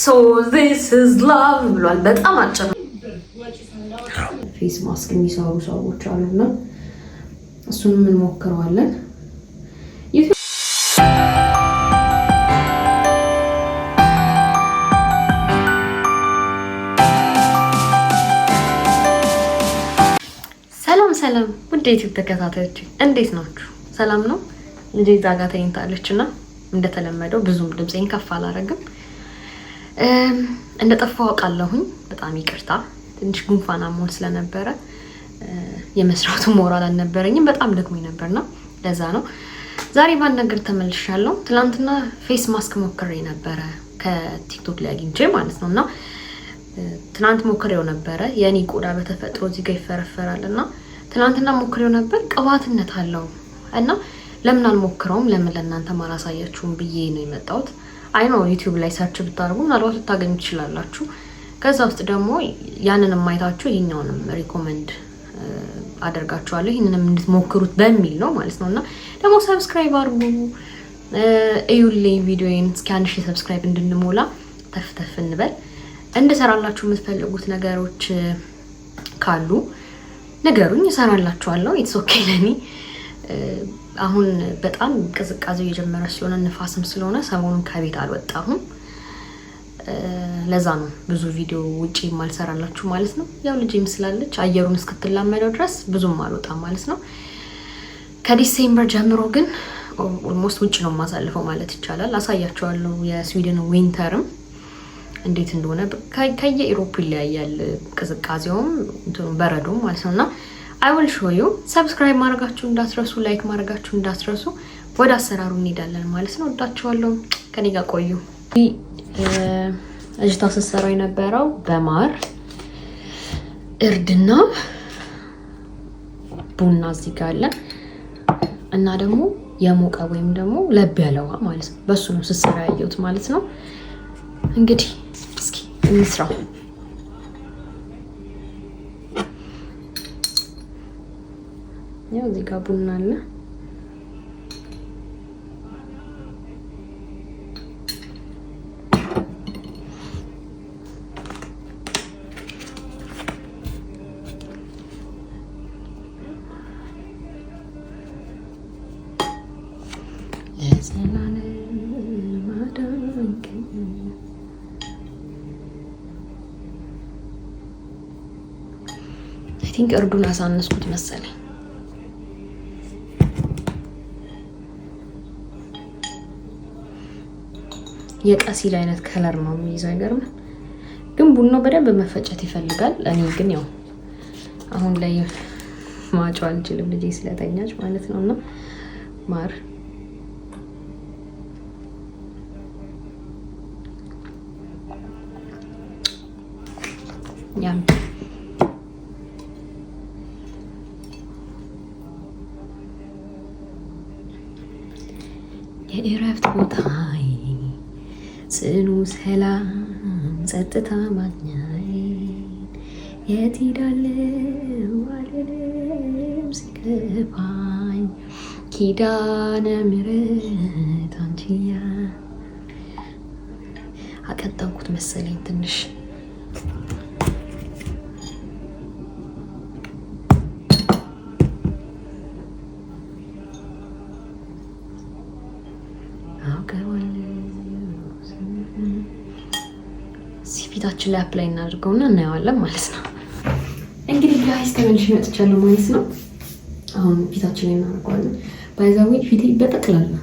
ሶ ዚስ ኢዝ ላቭ ብሏል። በጣም አጭር ፌስ ማስክ የሚሰሩ ሰዎች አሉና እሱንም እንሞክረዋለን። ሰላም ሰላም፣ ውድ ዩቲዩብ ተከታታዮች እንዴት ናችሁ? ሰላም ነው። ልጄ እዛ ጋ ተኝታለች እና እንደተለመደው ብዙም ድምፄን ከፍ አላደርግም። ጠፋ አውቃለሁኝ። በጣም ይቅርታ። ትንሽ ጉንፋን አሞኝ ስለነበረ የመስራቱ ሞራል አልነበረኝም። በጣም ደክሞኝ ነበርና ለዛ ነው ዛሬ ባንድ ነገር ተመልሻለሁ። ትናንትና ፌስ ማስክ ሞክሬ ነበረ ከቲክቶክ ላይ አግኝቼ ማለት ነው እና ትናንት ሞክሬው ነበረ። የእኔ ቆዳ በተፈጥሮ እዚህ ጋር ይፈረፈራል እና ትናንትና ሞክሬው ነበር። ቅባትነት አለው እና ለምን አልሞክረውም ለምን ለእናንተ ማላሳያችሁም ብዬ ነው የመጣሁት። አይ ነው ዩቲዩብ ላይ ሰርች ብታደርጉ ምናልባት ልታገኙ ትችላላችሁ። ከዛ ውስጥ ደግሞ ያንንም የማይታችሁ ይህኛውንም ሪኮመንድ አደርጋችኋለሁ ይህንንም እንድትሞክሩት በሚል ነው ማለት ነው። እና ደግሞ ሰብስክራይብ አድርጉ፣ እዩልኝ ቪዲዮን እስኪ አንድ ሺህ ሰብስክራይብ እንድንሞላ ተፍተፍ እንበል። እንድሰራላችሁ የምትፈልጉት ነገሮች ካሉ ንገሩኝ፣ እሰራላችኋለሁ። ኢትስ ኦኬ ለኔ አሁን በጣም ቅዝቃዜው እየጀመረ ስለሆነ ንፋስም ስለሆነ ሰሞኑን ከቤት አልወጣሁም። ለዛ ነው ብዙ ቪዲዮ ውጭ ማልሰራላችሁ ማለት ነው። ያው ልጅም ስላለች አየሩን እስክትላመደው ድረስ ብዙም አልወጣም ማለት ነው። ከዲሴምበር ጀምሮ ግን ኦልሞስት ውጭ ነው የማሳልፈው ማለት ይቻላል። አሳያቸዋለሁ የስዊድን ዊንተርም እንዴት እንደሆነ ከየኢሮፕ ይለያያል። ቅዝቃዜውም በረዶም ማለት ነው እና አይውል ዩ። ሰብስክራይብ ማድረጋችሁ እንዳትረሱ፣ ላይክ ማድረጋችሁ እንዳትረሱ። ወደ አሰራሩ እንሄዳለን ማለት ነው። ወዳችኋለሁ። ከኔ ጋር ቆዩ። እጅታው ስትሰራው የነበረው በማር እርድና ቡና እዚህ ጋር አለ እና ደግሞ የሞቀ ወይም ደግሞ ለብ ያለ ውሃ ማለት ነው። በእሱ ነው ስትሰራ ያየሁት ማለት ነው። እንግዲህ እስኪ እንስራው። ያው እዚህ ጋር ቡና አለ። ቲንክ እርዱን አሳነስኩት መሰለኝ። የቀሲል አይነት ከለር ነው የሚይዘው። አይገርምም? ግን ቡናው በደንብ መፈጨት ይፈልጋል። እኔ ግን ያው አሁን ላይ ማጮ አልችልም ልጅ ስለተኛች ማለት ነው እና ማር ያም የእረፍት ቦታ ጽኑ ሰላም ጸጥታ ማግኛዬ የት ሄዳለሁ አልልም ሲከፋኝ ኪዳነ ምሕረት አንቺያ አቀጠንኩት መሰለኝ ትንሽ አውቀዋለሁ ፊታችን ላይ አፕላይ እናደርገውና እናየዋለን ማለት ነው። እንግዲህ ጋይስ ተመልሼ መጥቻለሁ ማለት ነው። አሁን ፊታችን ላይ እናደርገዋለን። ባይዛዊ ፊቴ በጠቅላላ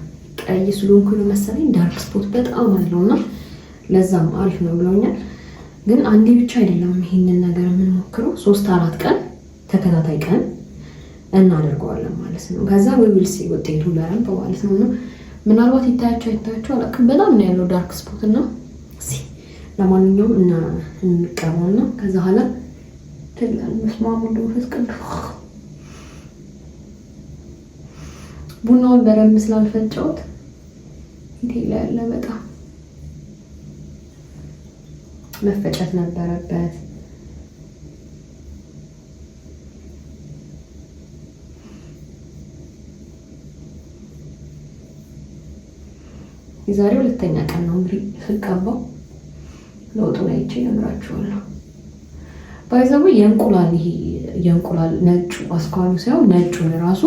ቀይ ስለሆንኩ ነው መሰለኝ ዳርክ ስፖት በጣም አለው እና ለዛም አሪፍ ነው ብለውኛል። ግን አንዴ ብቻ አይደለም ይሄንን ነገር የምንሞክረው ሶስት አራት ቀን ተከታታይ ቀን እናደርገዋለን ማለት ነው። ከዛ ወይብልስ ውጤቱ በረንብ ማለት ነው። ምናልባት ይታያቸው ይታያቸው አላውቅም። በጣም ነው ያለው ዳርክ ስፖት እና ለማንኛውም እና እንቀበልና ከዛ ኋላ ትላል መስማሙ ሙሉ ፈስቀል ቡናውን በረም ስላልፈጨሁት እንዴ ያለ በጣም መፈጨት ነበረበት። የዛሬ ሁለተኛ ቀን ነው እንግዲህ ስቀባው ለውጡን አይቼ እነግራችኋለሁ። ባይዘቡ የእንቁላል ይሄ የእንቁላል ነጩ አስኳሉ ሳይሆን ነጩን ራሱ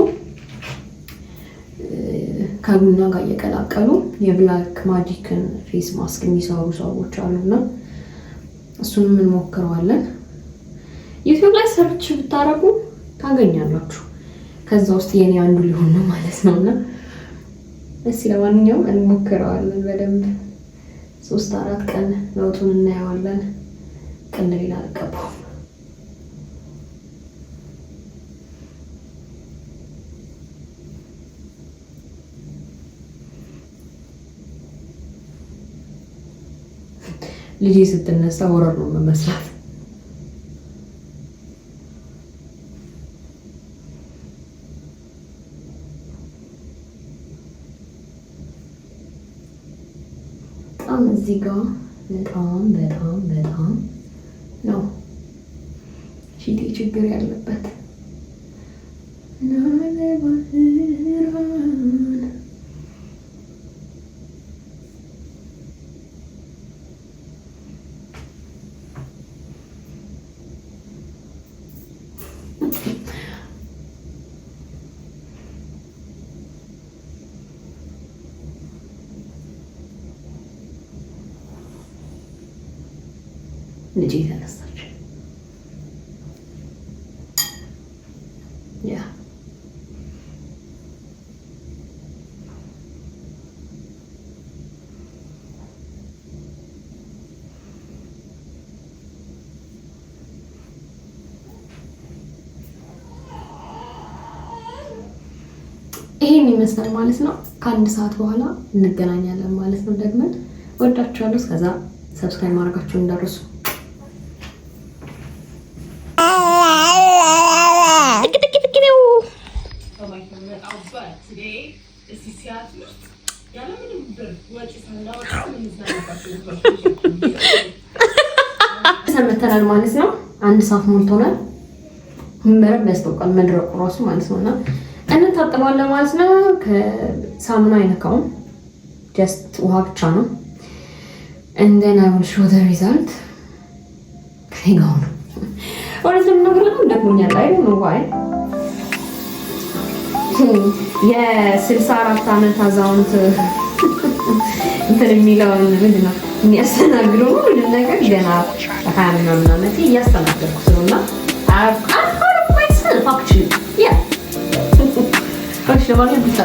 ከቡና ጋር እየቀላቀሉ የብላክ ማጂክን ፌስ ማስክ የሚሰሩ ሰዎች አሉና እሱንም እንሞክረዋለን። ዩቲዩብ ላይ ሰርች ብታረጉ ታገኛላችሁ። ከዛ ውስጥ የኔ አንዱ ሊሆን ነው ማለት ነው እና እስኪ ለማንኛውም እንሞክረዋለን በደንብ ሶስት አራት ቀን ለውጡን እናየዋለን። ቅንቢን አልቀባውም። ልጄ ስትነሳ ወረር ነው መመስላት። በጣም እዚህ ጋር በጣም በጣም በጣም ነው ሽቴ ችግር ያለበት ልጅ የተነሳች ያ ይሄን ይመስላል ማለት ነው። ከአንድ ሰዓት በኋላ እንገናኛለን ማለት ነው። ደግመን ወዳችኋለሁ። እስከዛ ሰብስክራይብ ማድረጋችሁን እንዳትረሱ። በመጣሁበት እዚህ ሲያትል ውስጥ ያለምንም ብር ወጪ ሳናወጣ ሰንብተናል ማለት ነው። አንድ ሰዓት ሞልቶናል። በደንብ ያስታውቃል መድረቁ ራሱ ማለት ነው። እና እንታጥበዋለን ማለት ነው። ከሳሙና አይነካውም፣ ጀስት ውሃ ብቻ ነው። እንደና ሪዛልት ከኔ ጋር ነው። ነው ዋይ የስልሳ አራት ዓመት አዛውንት እንትን የሚለውን ምንድን ነው የሚያስተናግዱ ነው ምንም ነገር ገና ሀያ ምናምን ዓመቴ እያስተናገርኩት ነው እና አልፋ ፋክች ያ ሽ ለማለት ብቻ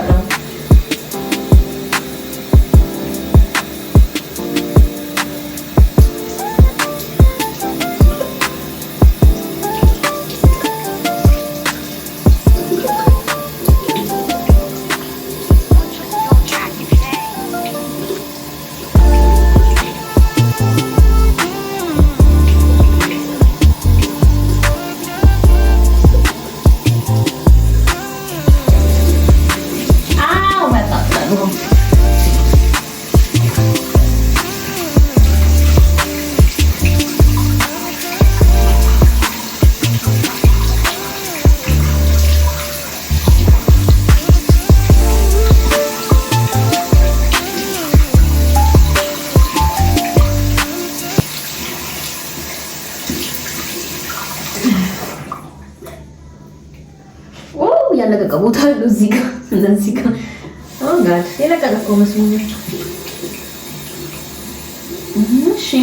ያለቀቀ ቦታ አሉ። እዚህ ጋር እዚህ ጋር የለቀቀ እኮ መስሎኛል። እሺ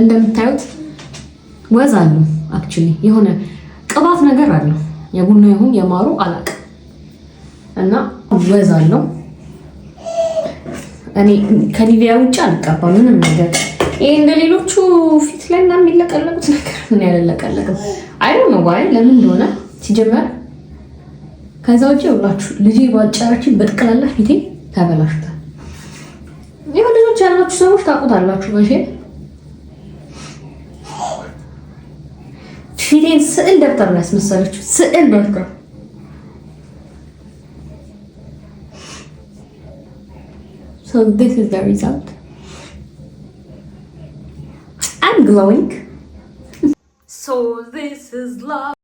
እንደምታዩት ወዝ አለው። አክቹሊ የሆነ ቅባት ነገር አለው የቡና ይሁን የማሩ አላቅ እና ወዝ አለው። እኔ ከኒቪያ ውጭ አልቀባ ምንም ነገር ይሄ እንደሌሎቹ ላይ ምናምን የሚለቀለቁት ነገር ምን ያለለቀለቅም አይ ነው ዋይ ለምን እንደሆነ ሲጀመር። ከዛ ውጭ ሁላችሁ ልጅ ባጫራችን በጥቅላላ ፊቴ ተበላሽቷል። ይህ ልጆች ያላችሁ ሰዎች ታውቁታላችሁ። መቼ ፊቴን ስዕል ደብተር ነው ያስመሰለችው። ስዕል ደብተር ሶ this is glowing. So this is love.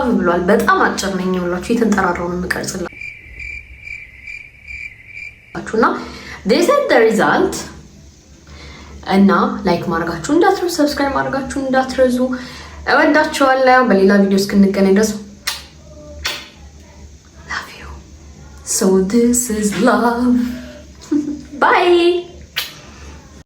አብ ብሏል። በጣም አጭር ነኝ ብላችሁ የተንጠራረውን የምቀርጽላችሁ እና this is the result እና ላይክ ማድረጋችሁ እንዳትረሱ፣ ሰብስክራይብ ማድረጋችሁ እንዳትረሱ። እወዳችኋለሁ። በሌላ ቪዲዮ እስክንገናኝ ድረስ love you so this is love